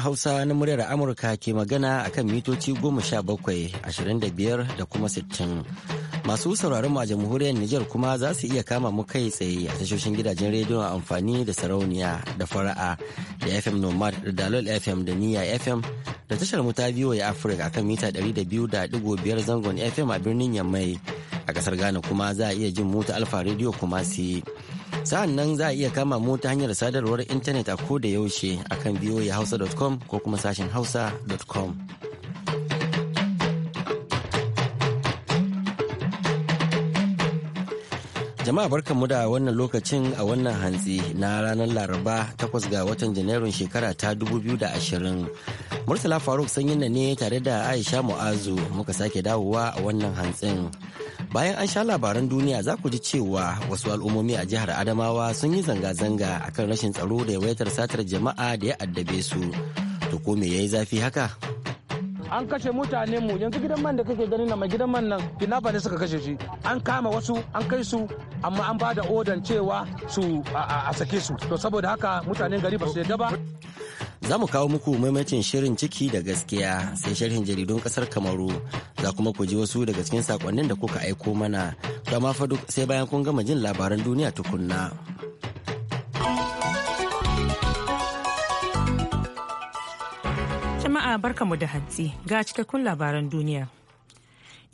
Hausa na muryar Amurka ke magana a kan mitoci goma sha bakwai ashirin da biyar da kuma sittin. Masu sauraron a jamhuriyar Nijar kuma za su iya kama mu kai tsaye a tashoshin gidajen rediyon amfani da sarauniya da fara'a da FM Nomad da Dalol FM da niya FM da tashar mu ta ya Afirka akan mita 200.5 zangon FM a birnin Yammai a kasar Ghana kuma za a iya jin mu ta Alfa Radio Kumasi. sa'an nan za a iya kama mu ta hanyar sadarwar intanet a ko da yaushe akan hausa.com ko kuma sashen hausa.com jama'a barkanmu da wannan lokacin a wannan hantsi na ranar laraba takwas ga watan janairun shekara ta 2020 murtala faruk sanyin na ne tare da aisha mu'azu muka sake dawowa a wannan hantsin bayan an sha labaran duniya za ku ji cewa wasu al'ummomi a jihar adamawa sun yi zanga-zanga akan rashin tsaro da yawaitar satar jama'a da ya addabe su to ko me yayi zafi haka an kashe mutane mu yanzu gidan man da kake gani na mai gidan man nan fina ne suka kashe shi an kama wasu an kai su amma an bada da odan cewa su a sake su to saboda haka mutanen gari ba su yadda ba za mu kawo muku maimacin shirin ciki da gaskiya sai sharhin jaridun kasar kamaru za kuma ku ji wasu daga cikin sakonnin da kuka aiko mana to amma fa duk sai bayan kun gama jin labaran duniya tukunna jama'a mu da hantsi ga cikakkun labaran duniya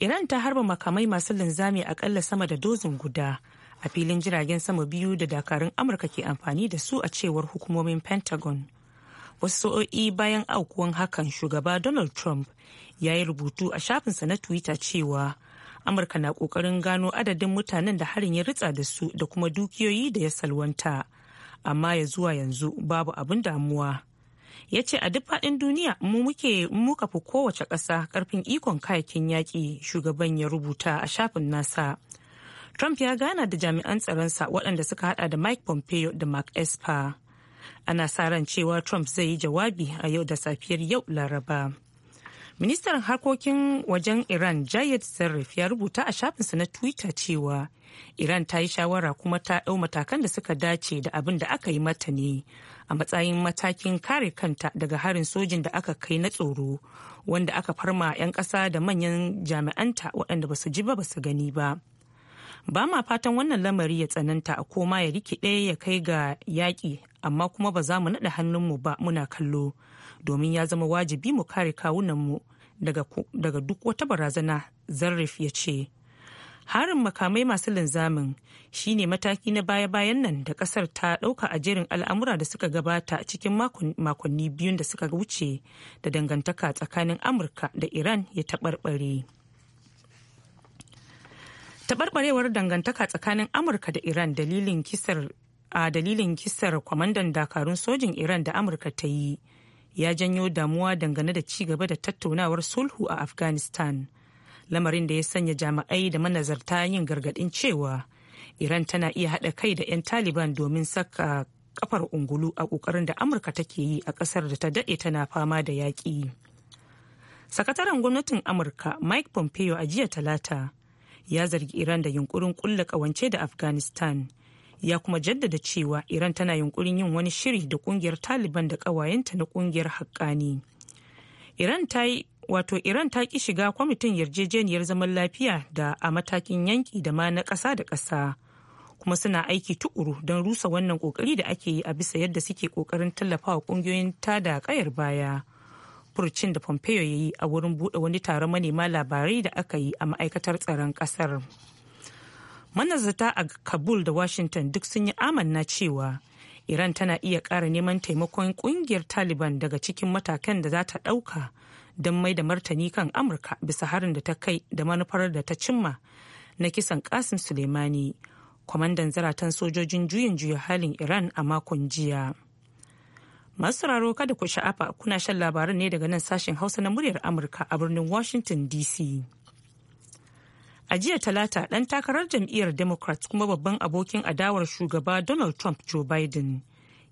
iran ta harba makamai masu linzami akalla sama da dozin guda a filin jiragen sama biyu da dakarun amurka ke amfani da su a cewar hukumomin pentagon wasu sa'o'i bayan aukuwan hakan shugaba donald trump ya yi rubutu a shafinsa na twitter cewa amurka na kokarin gano adadin mutanen da harin ya ritsa da su da kuma dukiyoyi da ya salwanta amma ya zuwa yanzu babu abin damuwa ya ce a duk faɗin duniya mu muke muka fi kowace ƙasa ƙarfin ikon kayakin yaƙi shugaban ya rubuta a shafin nasa trump ya gana da jami'an tsaronsa waɗanda suka hada da mike pompeo da mark esper ana sa ran cewa trump zai yi jawabi a yau da safiyar yau laraba ministan harkokin wajen iran jayed zarif ya rubuta a shafinsa na twitter cewa iran ta yi shawara kuma ta ɗau matakan da suka dace da abin da aka yi mata ne a matsayin matakin kare kanta daga harin sojin da aka kai na tsoro wanda aka farma 'yan ƙasa da manyan jami'anta waɗanda ba su ji ba ba su gani ba ba ma fatan wannan lamari ya tsananta a koma ya rikide ya kai ga yaƙi amma kuma ba za mu naɗa hannunmu ba muna kallo domin ya zama wajibi mu kare kawunanmu daga duk wata barazana zarrif ya ce harin makamai masu linzamin shine mataki na baya-bayan nan da kasar ta ɗauka a jerin al'amura da suka gabata cikin makonni biyun da suka wuce da dangantaka tsakanin amurka da iran ya taɓarɓare. taɓarɓarewar dangantaka tsakanin amurka da iran dalilin kisar a dalilin kisar kwamandan dakarun sojin iran da amurka ta yi ya janyo damuwa dangane da ci gaba da tattaunawar sulhu a afghanistan lamarin da ya sanya jami'ai da manazarta yin gargaɗin cewa iran tana iya haɗa kai da 'yan taliban domin saka kafar ungulu a ƙoƙarin da amurka take yi a ƙasar da ta daɗe tana fama da yaƙi sakataren gwamnatin amurka mike pompeo a jiya talata ya zargi iran da yunkurin kulla kawance da afghanistan ya kuma jaddada cewa iran tana yunkurin yin wani shiri da kungiyar taliban da kawayenta na kungiyar haƙƙani iran ta yi wato iran ta ki shiga kwamitin yarjejeniyar zaman lafiya da a matakin yanki da ma na ƙasa da ƙasa kuma suna aiki tukuru don rusa wannan ƙoƙari da ake yi a bisa yadda suke kokarin tallafawa kungiyoyin da ƙayar baya furucin da pompeo ya yi a wurin buɗe wani taron manema labarai da aka yi a ma'aikatar tsaron ƙasar manazata a kabul da washington duk sun yi amanna cewa iran tana iya ƙara neman taimakon ƙungiyar taliban daga cikin matakan da za ta ɗauka don mai da martani kan amurka bisa harin da ta kai da manufar da ta cimma na kisan kasim suleimani kwamandan zaratan sojojin juyin juya halin iran a makon jiya. Masu sauraro kada ku sha'afa kuna shan labaran ne daga nan sashen Hausa na muryar Amurka a birnin Washington DC. A jiya talata ɗan takarar jam'iyyar Democrat kuma babban abokin adawar shugaba Donald Trump Joe Biden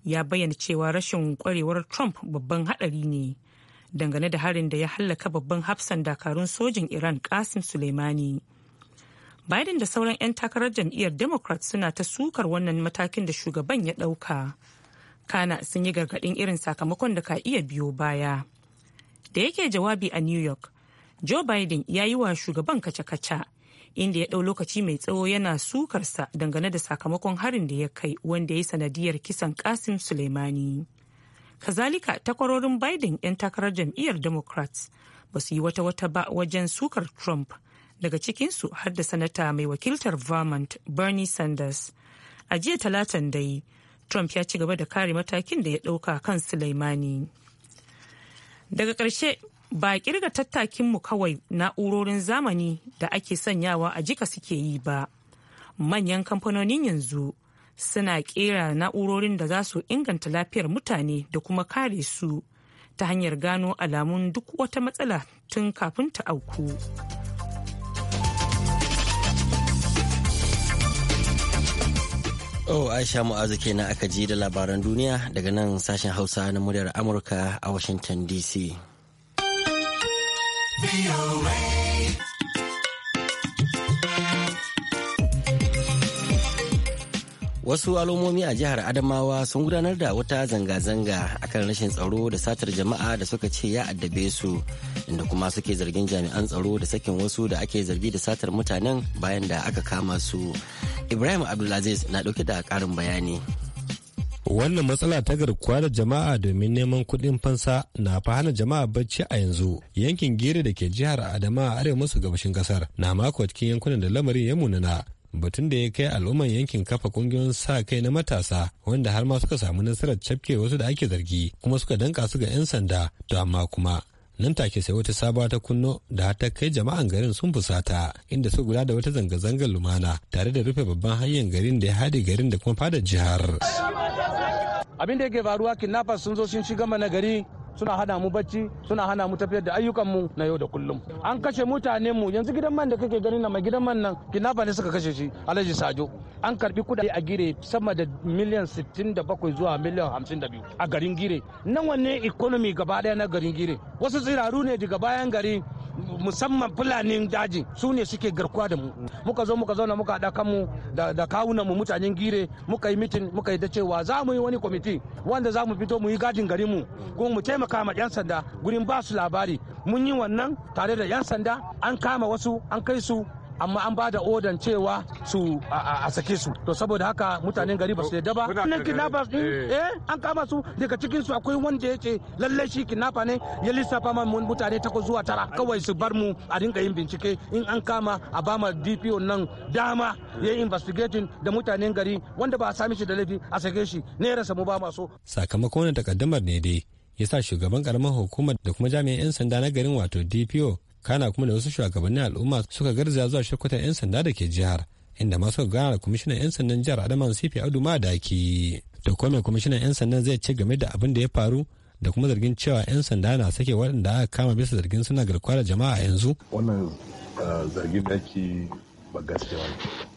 ya bayyana cewa rashin kwarewar Trump babban haɗari ne dangane da harin da ya hallaka babban hafsan dakarun sojin Iran Qasim Soleimani. Biden da sauran 'yan takarar jam'iyyar Democrat suna ta sukar wannan matakin da shugaban ya ɗauka. kana sun yi gargaɗin irin sakamakon da ka iya biyo baya da yake jawabi a new york joe biden ya yi wa shugaban kaca-kaca inda ya ɗau lokaci mai tsawo yana sukarsa dangane da sakamakon harin da ya kai wanda ya yi sanadiyar kisan kasim suleimani kazalika takwarorin biden 'yan takarar jam'iyyar democrats ba su yi wata-wata ba wajen sukar trump daga cikinsu har da sanata mai wakiltar vermont bernie sanders a jiya talatan dai Trump ya ci gaba da kare matakin da ya ɗauka kan Sulaimani. Daga ƙarshe ba a ƙirga tattakinmu kawai na'urorin zamani da ake sanyawa a jika suke yi ba. Manyan kamfanonin yanzu suna ƙera na'urorin da za su inganta lafiyar mutane da kuma kare su ta hanyar gano alamun duk wata matsala tun kafin ta auku. Oh, Aisha Mu'azu kenan aka ji da labaran duniya daga nan sashen Hausa na muryar Amurka a Washington DC. wasu al'ummomi a jihar adamawa sun gudanar da wata zanga-zanga akan rashin tsaro da satar jama'a da suka ce ya addabe su inda kuma suke zargin jami'an tsaro da sakin wasu da ake zargi da satar mutanen bayan da aka kama su ibrahim abdulaziz na dauke da karin bayani wannan matsala ta garkuwa da jama'a domin neman kuɗin fansa na fa hana jama'a bacci a yanzu yankin gere da ke jihar adama a arewa maso gabashin kasar na mako cikin yankunan da lamarin ya munana batun da ya kai al'umman yankin kafa kungiyoyin sa kai na matasa wanda har ma suka samu nasarar cafke wasu da ake zargi kuma suka danka su ga 'yan sanda to amma kuma nan take sai wata sabuwa ta kunno da ta kai jama'an garin sun fusata inda su guda da wata zanga-zangar lumana tare da rufe babban hanyar garin da ya haɗe garin da kuma fadar jihar abin da yake faruwa kidnappers sun zo sun shiga mana gari suna hana mu bacci suna hana mu tafiyar da ayyukan mu na yau da kullum an kashe mutanen mu yanzu gidan man da kake gani na mai gidan man nan kinafa ne suka kashe shi alhaji sajo an karbi kudade a gire sama da miliyan 67 zuwa miliyan 52 a garin gire nan wanne economy gaba daya na garin gire wasu tsiraru ne daga bayan gari musamman fulanin daji su ne suke garkuwa da mu muka zo muka zauna muka haɗa kanmu da kawunan mu mutanen gire muka yi mitin muka yi da cewa za mu yi wani kwamiti wanda za mu fito mu yi gadin garin mu kuma mu taimaka taimaka 'yan sanda gurin ba su labari mun yi wannan tare da 'yan sanda an kama wasu an kai su amma an ba da odan cewa su a sake su to saboda haka mutanen gari ba su yadda ba eh. eh an kama su daga cikin su akwai wanda yake lalle shi kidnapper ne ya lissafa ma mutane takwas zuwa tara kawai su bar mu a rinka yin bincike in an kama a ba ma DPO nan dama ya yi investigating da mutanen gari wanda ba a sami shi da laifi a sake shi ne rasa mu ba so sakamakon takaddamar ne dai ya sa shugaban karamar hukumar da kuma jami'an 'yan sanda na garin wato dpo kana kuma da wasu shugabannin al'umma suka garza zuwa shakwatar 'yan sanda da ke jihar inda masu gana da kwamishinan 'yan sandan jihar adama sifi adu madaki da kuma kwamishinan 'yan sandan zai ce game da abin da ya faru da kuma zargin cewa 'yan sanda na sake waɗanda aka kama bisa zargin suna garkuwa da jama'a yanzu wannan ah, zargin da ake ba gaskiya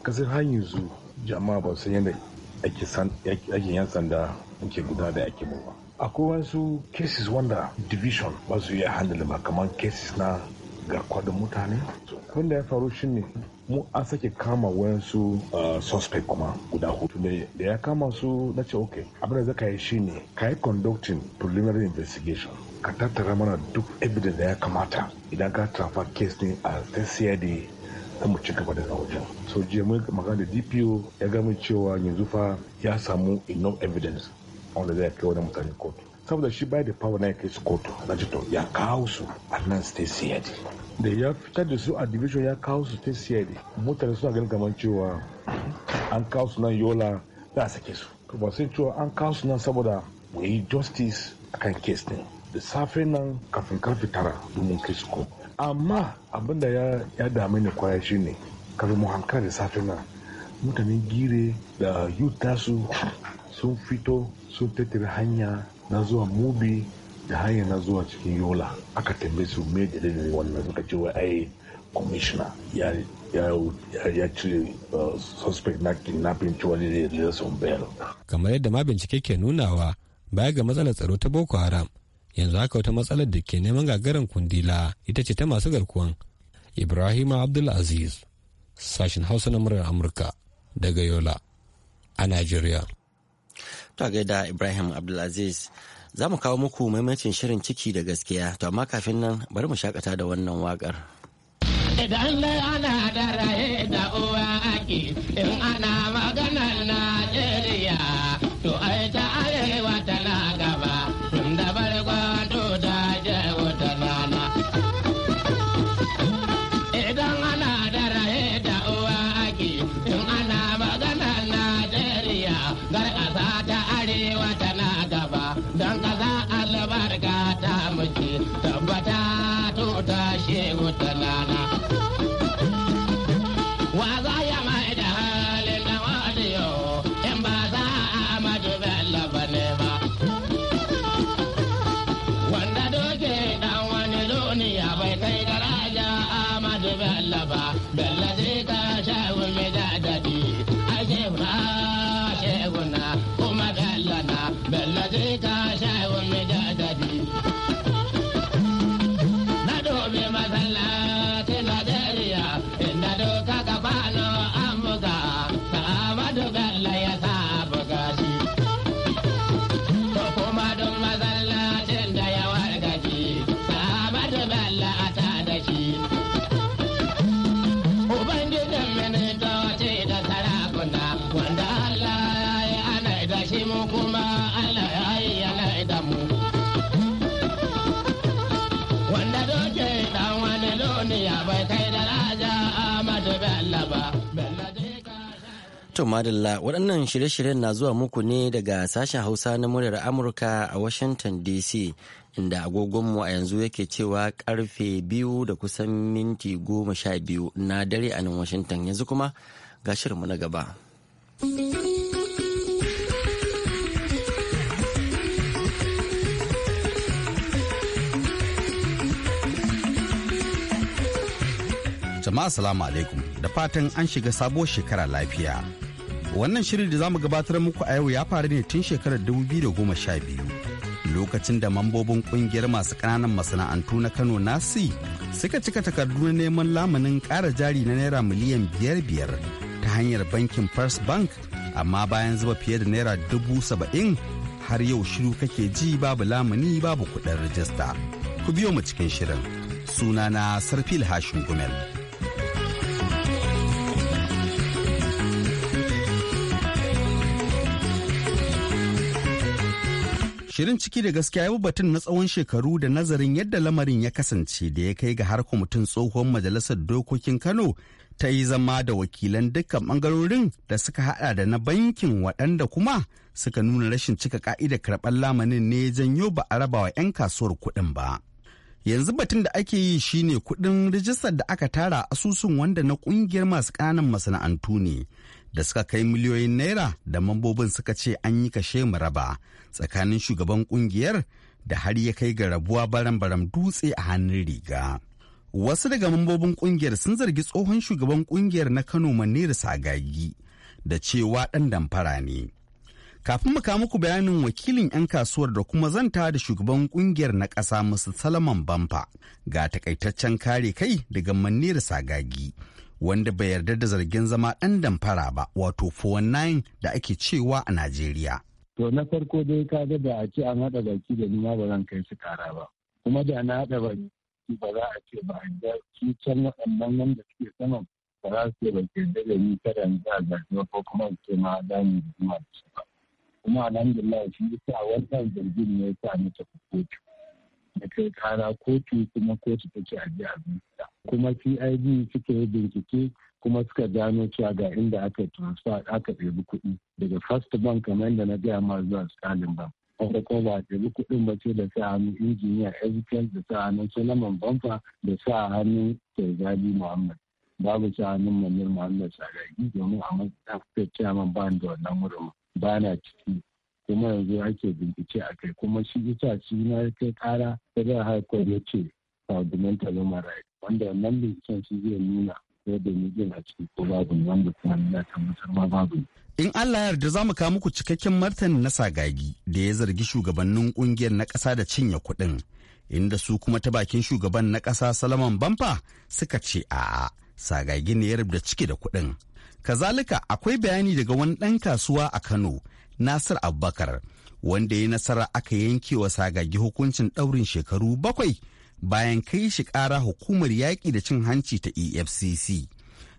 kasar har yanzu jama'a ba san yadda ake yan sanda ake guda da ake ba akwai wasu cases wanda division ba su iya handle ba kamar cases na garkuwa da mutane wanda ya faru ne mu an sake kama wayansu ah, suspect kuma guda hudu ne da ya kama su na ce ok abin da zaka yi shine ka yi conducting preliminary investigation ka tattara mana duk evidence da ya kamata idan ka trafa case ne a tscid ta mu ci gaba daga wajen so jiya mun magana da dpo ya gami cewa yanzu fa ya samu enough evidence wanda zai kai wani mutane kotu saboda shi bai da power na ya kai su kotu na to ya kawo su a nan state cid da ya fitar da su a division ya kawo su state cid mutane suna ganin kamar cewa an kawo su nan yola za a sake su to ba sai cewa an kawo su nan saboda mu yi justice a kan case din da safe nan kafin karfe tara domin kai su ko amma abin da ya dame ni kwaya shine kafin mu hankali da safe nan mutanen gire da yuta su sun fito sun tattara hanya na zuwa mubi da hanya na zuwa cikin yola aka tambaye su me dalilin wannan suka ce wai ai commissioner ya ya cire uh, suspect na kidnapping cewa ne da sun bayar Kamar yadda ma bincike ke nunawa baya ga matsalar tsaro ta Boko Haram yanzu haka wata matsalar da ke neman gagarin kundila ita ce ta masu garkuwan. Ibrahima Abdulaziz, sashen Hausa na murar Amurka daga Yola a Najeriya. To gaida Ibrahim Abdulaziz. Za mu kawo muku maimacin shirin ciki da gaskiya, to amma kafin nan bari mu shakata da wannan wakar. Idan ana da raye da uwa ake, in ana magana wuta shehu talala To Madalla waɗannan shirye-shiryen na zuwa muku ne daga sashen Hausa na muryar Amurka a Washington DC inda agogonmu a yanzu yake cewa karfe biyu da kusan minti goma sha biyu na dare a nan Washington yanzu kuma ga shirinmu na gaba. Jama'a salamu alaikum da fatan an shiga sabuwar shekara lafiya. Wannan shirin da za mu gabatar muku a yau ya faru ne tun shekarar 2012 lokacin da mambobin kungiyar masu kananan masana'antu na Kano Nasi suka cika takardu na neman lamunin ƙara jari na naira miliyan biyar biyar ta hanyar bankin First Bank amma bayan zuba fiye da naira dubu saba'in har yau shiru kake ji babu lamuni babu kudin rajista. Ku biyo mu cikin shirin. Sunana Sarfil Hashin Gumel. Shirin ciki da gaskiya yau batun na tsawon shekaru da nazarin yadda lamarin ya kasance da ya kai ga har mutum tsohon majalisar dokokin Kano ta yi zama da wakilan dukkan bangarorin da suka hada da na bankin waɗanda kuma suka nuna rashin cika ka'ida karɓar lamanin ne ya janyo ba a rabawa 'yan kasuwar kuɗin ba. Yanzu batun da ake yi shine kuɗin rijistar da aka tara asusun wanda na ƙungiyar masu ƙananan masana'antu ne. da suka kai miliyoyin naira da mambobin suka ce an yi kashe mu raba tsakanin shugaban kungiyar da har ya kai ga rabuwa baram-baram dutse a hannun riga. Wasu daga mambobin kungiyar sun zargi tsohon shugaban kungiyar na Kano Manira Sagagi da cewa ɗan damfara ne. Kafin mu muku bayanin wakilin 'yan kasuwar da kuma zanta da shugaban kungiyar na ƙasa musu Salaman Bamfa ga takaitaccen kare kai daga Manira Sagagi wanda bai yarda da zargin zama ɗan damfara ba wato 419 da ake cewa a Najeriya. To na farko dai ka ga da a ce an haɗa baki da nima ba zan kai su kara ba. Kuma da na haɗa baki ba za a ce ba a ga can waɗannan wanda suke saman ba za su ce ba ke da da ni kada in za a ba ko kuma in ce ma da ni da kuma da su ba. Kuma alhamdulillah shi yasa wannan zargin ne ya sa ni ta kotu. kai kara kotu kuma kotu take a ji abinsa kuma PID suke bincike kuma suka gano cewa ga inda aka transfer aka ɗebi kuɗi daga first bank kamar yadda na gaya ma zuwa stalin bank wanda ko ba ɗebi kuɗin ba ce da sa hannun injiniya evidence da sa hannun solomon bamfa da sa hannun terzali muhammad babu sa hannun manir muhammad sadaki domin a matsayin chairman ban da wannan wurin ba na ciki kuma yanzu ake bincike a kai kuma shi ita shi na kai kara Ta za court ya ce fundamental human rights wanda wannan binciken shi zai nuna ko da ni a ciki ko babu wanda kuma na tabbatar ma babu in Allah yarda za mu kawo muku cikakken martani na sagagi da ya zargi shugabannin kungiyar na ƙasa da cinye kuɗin inda su kuma ta bakin shugaban na ƙasa Salaman Bamfa suka ce a'a sagagi ne ya rubuta ciki da kuɗin kazalika akwai bayani daga wani ɗan kasuwa a Kano nasir abubakar wanda ya nasara aka yanke wa sagagi hukuncin ɗaurin shekaru bakwai bayan kai shi ƙara hukumar yaƙi da cin hanci ta efcc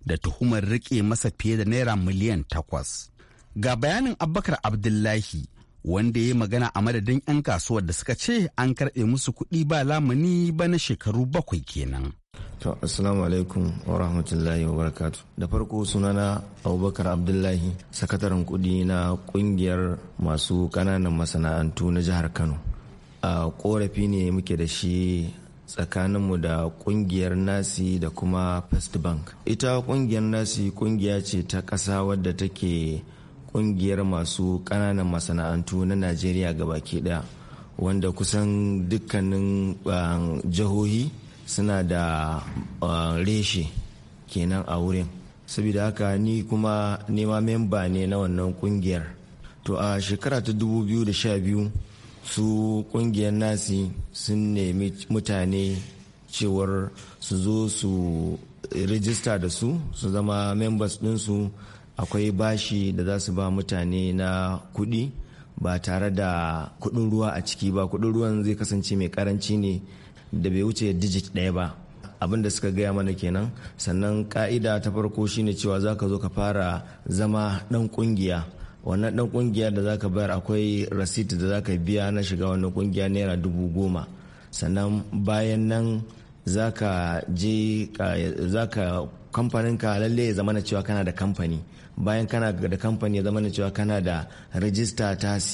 da tuhumar riƙe masa fiye da naira miliyan takwas ga bayanin abubakar abdullahi wanda ya magana a madadin 'yan kasuwar da suka ce an karɓe musu kuɗi ba lamuni ba na shekaru bakwai kenan To, Assalamu alaikum wa rahmatullahi wa barakatu. Da farko sunana Abubakar Abdullahi, sakataren kudi na kungiyar masu kananan masana'antu na jihar Kano. A korafi ne muke da shi tsakaninmu da kungiyar nasi da kuma First Bank. Ita kungiyar nasi kungiya ce ta ƙasa wadda take kungiyar masu kananan masana'antu na Najeriya gabaki ɗaya, wanda kusan dukkanin ah, jihohi. suna da uh, reshe kenan a wurin saboda haka ni kuma nema memba ne na wannan kungiyar to a shekara ta 2012 su kungiyar nasi sun nemi mutane cewar su zo su rijista da su su zama members ɗinsu akwai bashi da za su ba mutane na kuɗi ba tare da kuɗin ruwa a ciki ba kuɗin ruwan zai kasance mai karanci ne da bai wuce digit ɗaya ba abin da suka gaya mana kenan sannan ka'ida ta farko shine cewa za ka zo ka fara zama ɗan ƙungiya wannan ɗan ƙungiya da za ka bayar akwai rasit da za ka biya na shiga wannan ƙungiya naira dubu goma sannan bayan nan za ka je za ka kamfanin ka lalle ya zamana cewa kana da kamfani bayan kana da kamfani ya zamana cewa kana da rajista ta cac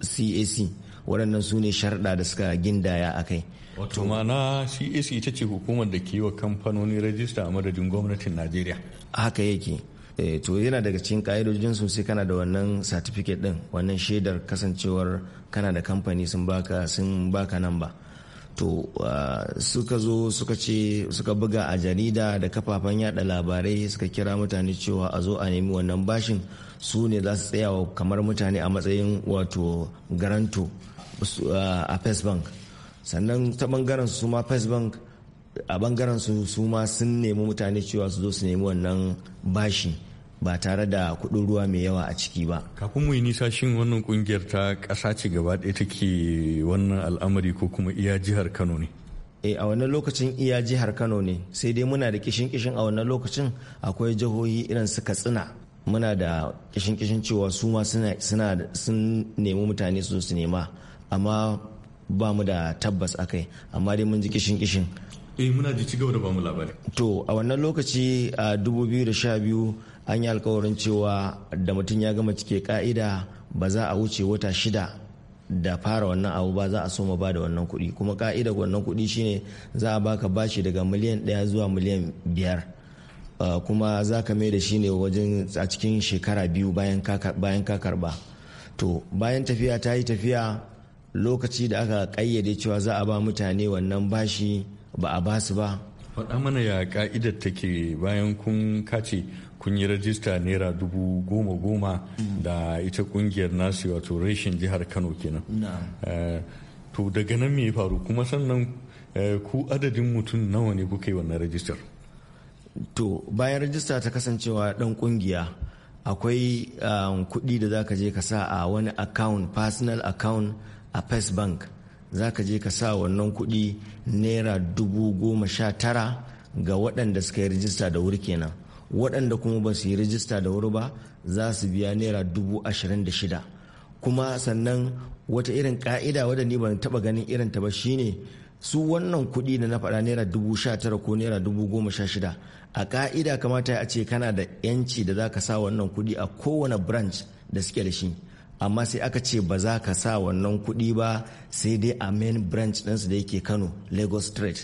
cac waɗannan su ne sharɗa da suka gindaya a kai wato mana cs ita ce hukumar da ke wa kamfanoni rajista a madadin gwamnatin najeriya haka yake eh, to yana daga cikin ka'idojin su sai kana da wannan satifiket din wannan shaidar kasancewar kana da kamfani sun baka sun baka nan ba to ah, suka zo suka ce suka buga a jarida da kafafen yada labarai suka kira mutane cewa a zo a nemi wannan bashin su ne za su tsayawa kamar mutane a matsayin wato garanto ah, a first bank sannan ta bangaren su ma first bank a bangaren su su ma sun nemi mutane cewa su zo su nemi wannan bashi ba tare da kuɗin ruwa mai yawa a ciki ba kafin mu yi nisa shin wannan kungiyar ta ƙasa ce gaba ɗaya take wannan al'amari ko kuma iya jihar kano ne e a wannan lokacin iya jihar kano ne sai dai muna da kishin kishin a wannan lokacin akwai jihohi irin su katsina muna da kishin kishin cewa su ma suna sun nemi mutane su su nema amma ba mu da tabbas akai amma dai mun ji kishin kishin eh muna ji cigaba da ba mu labari to a wannan lokaci a 2012 an yi alkawarin cewa da mutum ya gama cike ka'ida ba za a wuce wata shida da fara wannan abu ba za a so mu ba da wannan kuɗi kuma ka'idar wannan kuɗi shine za a baka bashi daga miliyan ɗaya zuwa miliyan biyar kuma za ka mai da shi ne wajen a cikin shekara biyu bayan ka karba to bayan tafiya ta yi tafiya lokaci da aka kayyade cewa za a ba mutane wannan bashi ba a ba su ba faɗa mana ya ka'idar take bayan kun kace kun yi rajista naira dubu goma goma da ita kungiyar nasu wato reshen jihar kano kenan eh, to daga nan me ya faru kuma sannan eh, ku adadin mutum nawa ne kuka yi wannan rajistar to bayan rajista ta kasancewa dan kungiya akwai um, kuɗi da za ka je ka sa a wani account personal account a first bank za ka je ka sa wannan kuɗi naira dubu goma sha tara ga waɗanda suka yi rijista da wuri kenan waɗanda kuma ba su yi rijista da wuri ba za su biya naira dubu ashirin da shida kuma sannan wata irin ka'ida wadda ni ban taɓa ganin irin ta ba shine su wannan kuɗi da na faɗa naira dubu sha tara ko naira dubu goma sha shida a ka'ida kamata a ce kana da yanci da za ka sa wannan kuɗi a kowane branch da suke da shi amma sai aka ce ba za ka sa wannan kuɗi ba sai dai a main branch ɗinsu da yake kano lagos street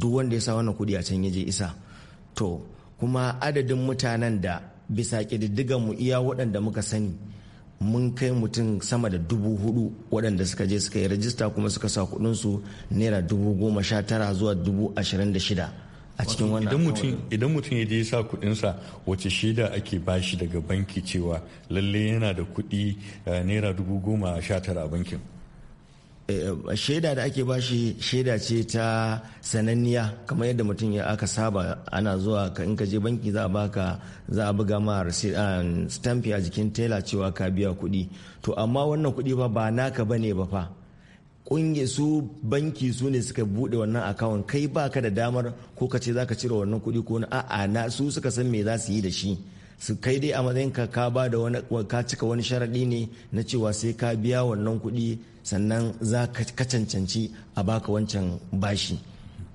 duk wanda ya sa wannan kuɗi a can ya je isa to kuma adadin mutanen da bisa ƙididdigan mu iya waɗanda muka sani mun kai mutum sama da dubu hudu waɗanda suka je suka yi rajista kuma suka sa kuɗinsu naira dubu goma sha tara zuwa dubu ashirin da shida a cikin wannan idan mutum ya je sa kudinsa wace shaida ake bashi daga banki cewa lalle yana da kudi eh, naira dubu goma sha tara a bankin eh, shaida da ake bashi shaida ce ta sananniya kamar yadda mutum ya aka saba ana zuwa in ka je banki za a baka za a buga ma um, stamp a jikin tela cewa ka biya kuɗi to amma wannan kuɗi ba ba naka bane ba fa kungiyar su banki su ne suka bude wannan akawun kai ba ka da damar ko ka ce za ka cire wannan kuɗi ko na a'a na su suka san me za su yi da shi su kai dai a matsayin ka ka ba da wani ka cika wani sharaɗi ne na cewa sai ka biya wannan kuɗi sannan za ka cancanci a baka wancan bashi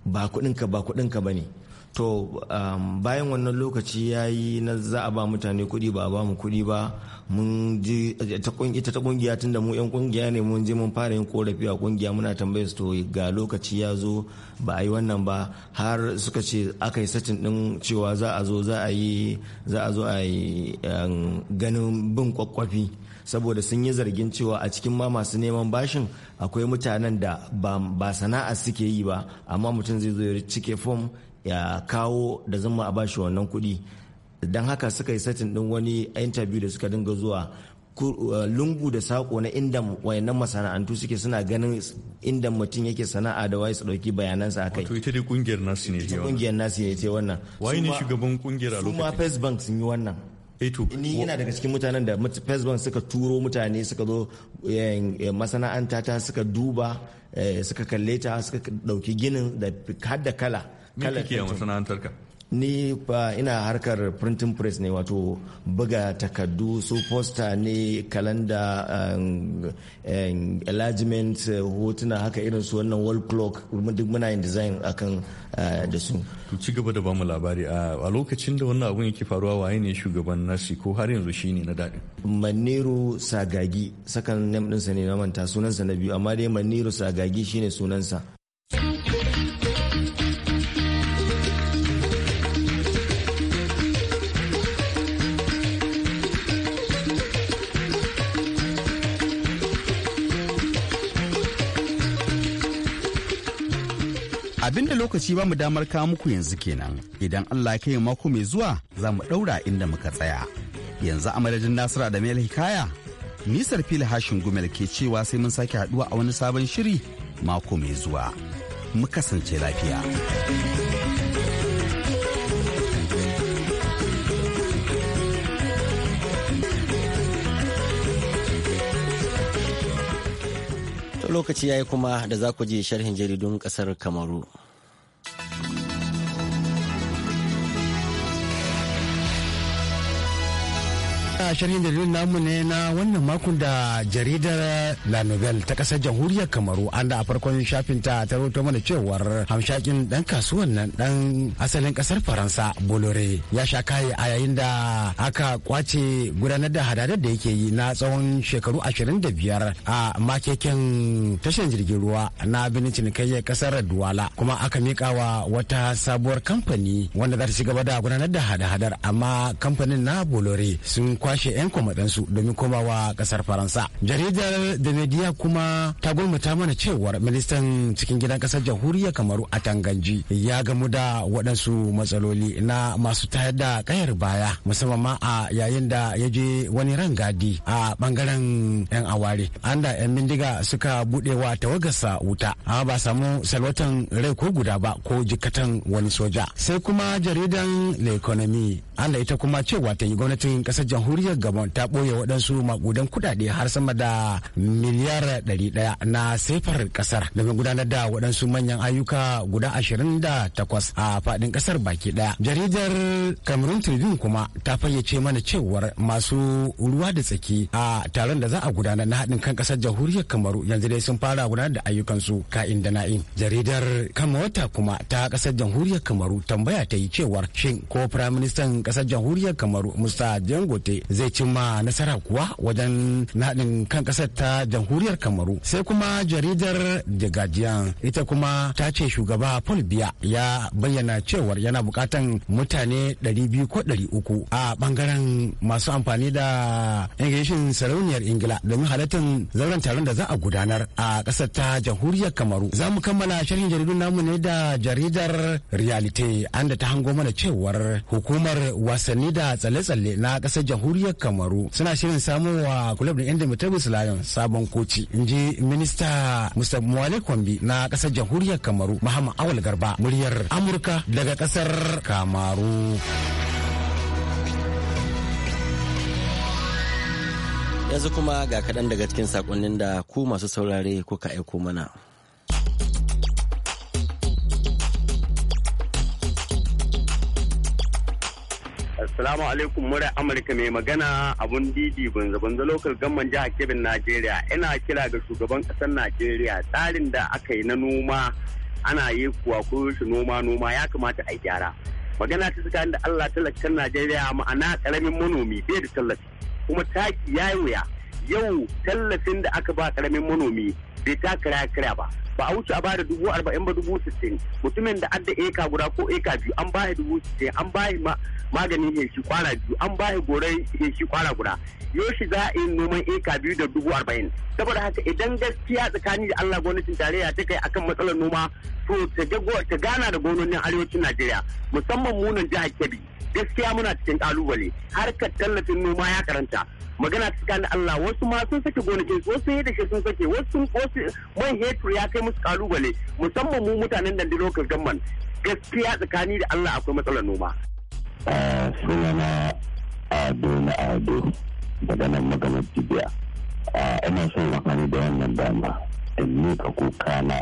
ba kuɗinka ba kuɗinka ba ne to um, bayan wannan lokaci ya yi na za a ba mutane kuɗi ba a ba mu kuɗi ba mun ji ita ta kungiya tun da mu yan kungiya ne mun je mun fara yin korafi a kungiya muna tambayar su to ga lokaci ya zo ba a yi wannan ba har suka ce aka yi satin din cewa za a zo za a yi za a zo a yi um, ganin bin kwakwafi saboda sun yi zargin cewa a cikin ma masu neman bashin akwai mutanen da ba sana'a suke yi ba amma mutum zai zo ya cike fom ya kawo da zama a bashi wannan kuɗi don haka suka yi satin ɗin wani interview da suka dinga zuwa eh, lungu da sako na inda wayannan masana'antu suke suna ganin inda mutum yake sana'a da waye su dauki bayanansa kai wato ita dai kungiyar nasu ne ita kungiyar nasu ne ce wannan waye ne shugaban kungiyar a lokacin kuma First Bank sun yi wannan eto eh ni ina daga cikin mutanen da First Bank suka turo mutane suka zo eh, masana'anta ta suka duba suka kalle ta suka dauki ginin da har da kala ke kike masana'antar ka ni ba ina harkar printing press ne wato buga takardu su posta ne kalanda um, um, enlargement hotuna haka irin su wannan wall clock duk muna yin design akan uh, da su to ci gaba da bamu labari a lokacin da wannan abun yake faruwa waye ne shugaban nasi ko har yanzu shine na daɗin maniru sagagi sakan name ɗinsa ne na manta sunansa na biyu amma dai maniru sagagi shine sunansa abin da lokaci ba mu damar kawo muku yanzu kenan idan allah ya kai mako mai zuwa za mu ɗaura inda muka tsaya yanzu a madadin nasira da mel hikaya nisar fili hashin gumel ke cewa sai mun sake haduwa a wani sabon shiri mako mai zuwa mu kasance lafiya. lokaci ya yi kuma da za ku ji sharhin jaridun kasar kamaru fara sharhin jaridun namu ne na wannan makon da jaridar La Nouvelle ta kasar jamhuriyar Kamaru an da a farkon shafin ta ta rawaito mana cewar hamshakin dan kasuwan nan dan asalin kasar Faransa Bolore ya sha kaye a yayin da aka kwace gudanar da hadadar da yake yi na tsawon shekaru 25 a makeken tashar jirgin ruwa na birnin cinikayyar kasar Duwala kuma aka mika wa wata sabuwar kamfani wanda za ta ci gaba da gudanar da hada-hadar amma kamfanin na Bolore sun kwashe kwashe 'yan kwamadansu domin komawa kasar faransa jaridar da media kuma ta gulmata mana cewar ministan cikin gidan kasar jamhuriyar kamaru a tanganji ya gamu da waɗansu matsaloli na masu tayar da kayar baya musamman ma a yayin da ya je wani ran gadi a bangaren 'yan aware an da 'yan bindiga suka wa tawagarsa wuta amma ba samu salwatan rai ko guda ba ko jikatan wani soja sai kuma jaridan l'economy Hana ita kuma cewa ta yi gwamnatin kasar jamhuriyar Gabon ta ɓoye waɗansu makudan kuɗaɗe har sama da miliyar ɗari ɗaya na sefar kasar domin gudanar da waɗansu manyan ayyuka guda ashirin da takwas a faɗin kasar baki ɗaya. Jaridar Cameroon Tribune kuma ta fayyace mana cewar masu ruwa da tsaki a taron da za a gudanar na haɗin kan kasar jamhuriyar Kamaru yanzu dai sun fara gudanar da ayyukansu ka'in da na'in. Jaridar Kamawata kuma ta kasar jamhuriyar Kamaru tambaya ta yi cewar shin ko Firaministan kasar jamhuriyar kamaru musta jangote zai cimma nasara kuwa wajen naɗin kan ƙasar ta jamhuriyar kamaru sai kuma jaridar the guardian ita kuma ta ce shugaba paul biya ya bayyana cewar yana bukatan mutane biyu ko ɗari uku a ɓangaren masu amfani da ingilishin sarauniyar ingila domin halartar zauren taron da za a gudanar a kasar ta jamhuriyar kamaru za mu kammala sharhin jaridun namu ne da jaridar realite an da ta hango mana cewar hukumar wasanni da tsalle-tsalle na kasar jamhuriyar kamaru suna shirin samun wa kulab din indomitables lions sabon koci in ji minista mr muwale kwambi na kasar jamhuriyar kamaru muhammad awal garba muryar amurka daga ƙasar kamaru yanzu kuma ga kaɗan daga cikin saƙonnin da ku masu saurare kuka aiko mana Assalamu alaikum murai Amurka mai magana abun didi banza banza lokal gamman jihar Kebbin Najeriya ina kira ga shugaban kasar Najeriya tsarin da aka yi na noma ana yi kuwa ko shi noma noma ya kamata a gyara magana ta tsakanin da Allah talakkan Najeriya ma'ana karamin manomi bai da tallafi kuma taki yayi wuya yau tallafin da aka ba karamin manomi bai takara kira ba ba a wuce a bada dubu arba'in ba dubu sittin mutumin da adda eka guda ko eka biyu an baya dubu sittin an baya maganin shi kwara biyu an baya ya shi kwara guda yoshi za a yi noman eka biyu da dubu arba'in saboda haka idan gaskiya tsakani da allah gwamnatin tarayya ta kai akan matsalar noma to ta gana da gononin arewacin najeriya musamman munan jihar kebbi gaskiya muna cikin kalubale harkar tallafin noma ya karanta magana ta da Allah wasu ma sun sake gonakin su sun da shi sun sake wasu wasu hetur ya kai musu kalubale musamman mu mutanen nan da local government gaskiya tsakani da Allah akwai matsalar noma eh, sunana ado na ado daga nan maganar jibiya eh, ina son amfani da wannan dama in miƙa kuka na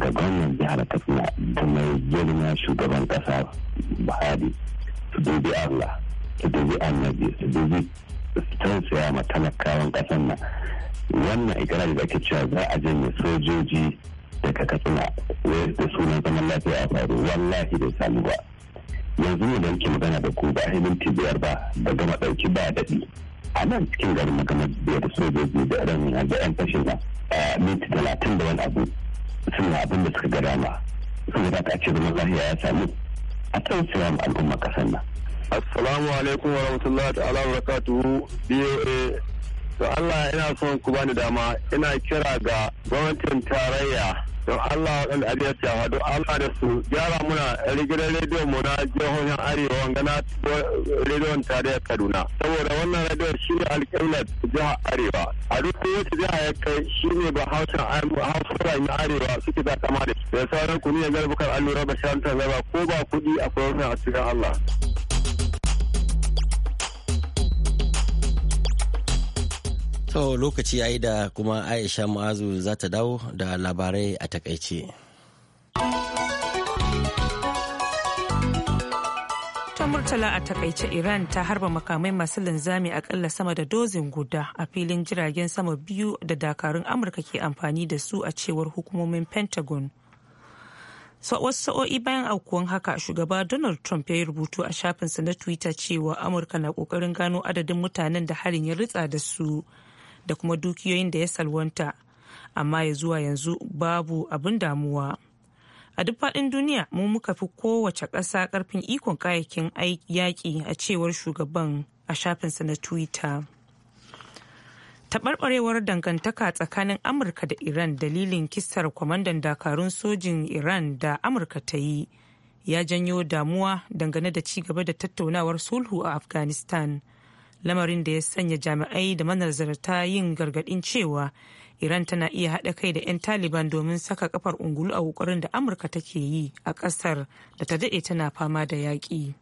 ga gwamnan jihar katsina da mai girma shugaban kasa buhari su dubi allah su dubi annabi su dubi tausaya ma talakawan kasan nan wannan ikirari da ake cewa za a janye sojoji daga katsina da sunan zaman lafiya a faru wallahi bai samu ba yanzu ne da yake magana da ku ba a minti biyar ba da gama dauki ba daɗi a nan cikin garin magana biyar da sojoji da ɗan da yan fashin na minti talatin da wani abu suna abin da suka gada ma. sun da a ce zaman lafiya ya samu a tausaya ma al'umma kasan nan Assalamu alaikum wa rahmatullahi ta'ala wa barakatuhu BOA. To Allah ina son ku bani dama ina kira ga gwamnatin tarayya to Allah waɗanda abiyar cewa don Allah da su gyara muna rigirar rediyon mu na jihohin arewa gana rediyon tarayyar Kaduna. Saboda wannan rediyon shi ne alƙiblar jihar arewa. A duk wata jiha ya kai shi ne ba hausan hausa na arewa suke da kama da shi. Da sauran ku ne garbukan allura bashantar zaba ko ba kuɗi akwai wani a cikin Allah. To lokaci ya yi da kuma Aisha Mu'azu za ta dawo da labarai a takaice. Murtala a takaice Iran ta harba makamai masu linzami akalla sama da dozin guda a filin jiragen sama biyu da dakarun Amurka ke amfani da su a cewar hukumomin Pentagon. wasu sa'o'i bayan aukuwan haka shugaba donald trump ya yi rubutu a shafinsa na twitter cewa amurka na kokarin gano adadin mutanen da harin ya ritsa da su da kuma dukiyoyin da ya salwanta amma ya zuwa yanzu babu abin damuwa a duk faɗin duniya mu muka fi kowace ƙasa ƙarfin ikon kayayyakin yaƙi a cewar shugaban a shafinsa na twitter taɓarɓarewar dangantaka tsakanin amurka da iran dalilin kisar kwamandan dakarun sojin iran da amurka ta yi ya janyo damuwa dangane da ci gaba da tattaunawar sulhu a afghanistan lamarin da ya sanya jami'ai da manazarta yin gargadin cewa iran tana iya haɗa kai da 'yan taliban domin saka kafar ungulu a kokarin da amurka take yi a ƙasar da ta daɗe tana fama da yaƙi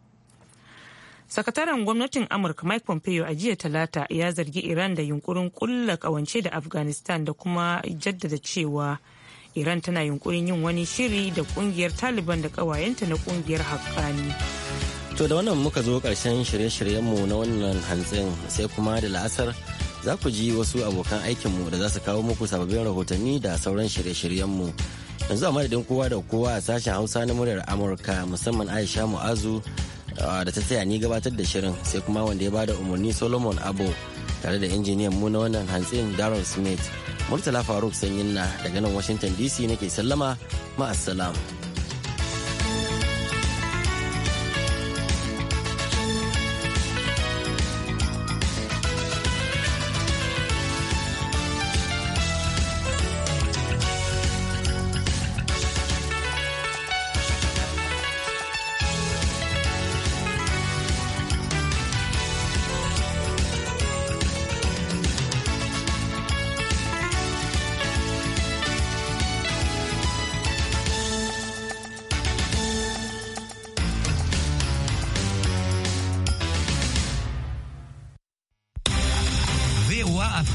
sakataren gwamnatin amurka mike pompeo a jiya talata ya zargi iran da yunkurin kulla kawance da afghanistan da kuma jaddada cewa iran tana yunkurin yin wani shiri da kungiyar taliban da kawayenta na kungiyar haƙƙani. To da wannan muka zo karshen shirye-shiryenmu na wannan hantsin sai kuma da la'asar za ku ji wasu abokan aikinmu da za su kawo muku sababbin rahotanni da sauran shirye-shiryenmu. Yanzu a madadin kowa da kowa a sashen Hausa na muryar Amurka musamman Aisha Mu'azu da ta taya ni gabatar da shirin sai kuma wanda ya bada umarni Solomon Abo tare da injiniyan mu na wannan hantsin Darren Smith. Murtala Faruk Sanyin na daga nan Washington DC nake sallama ma'assalam.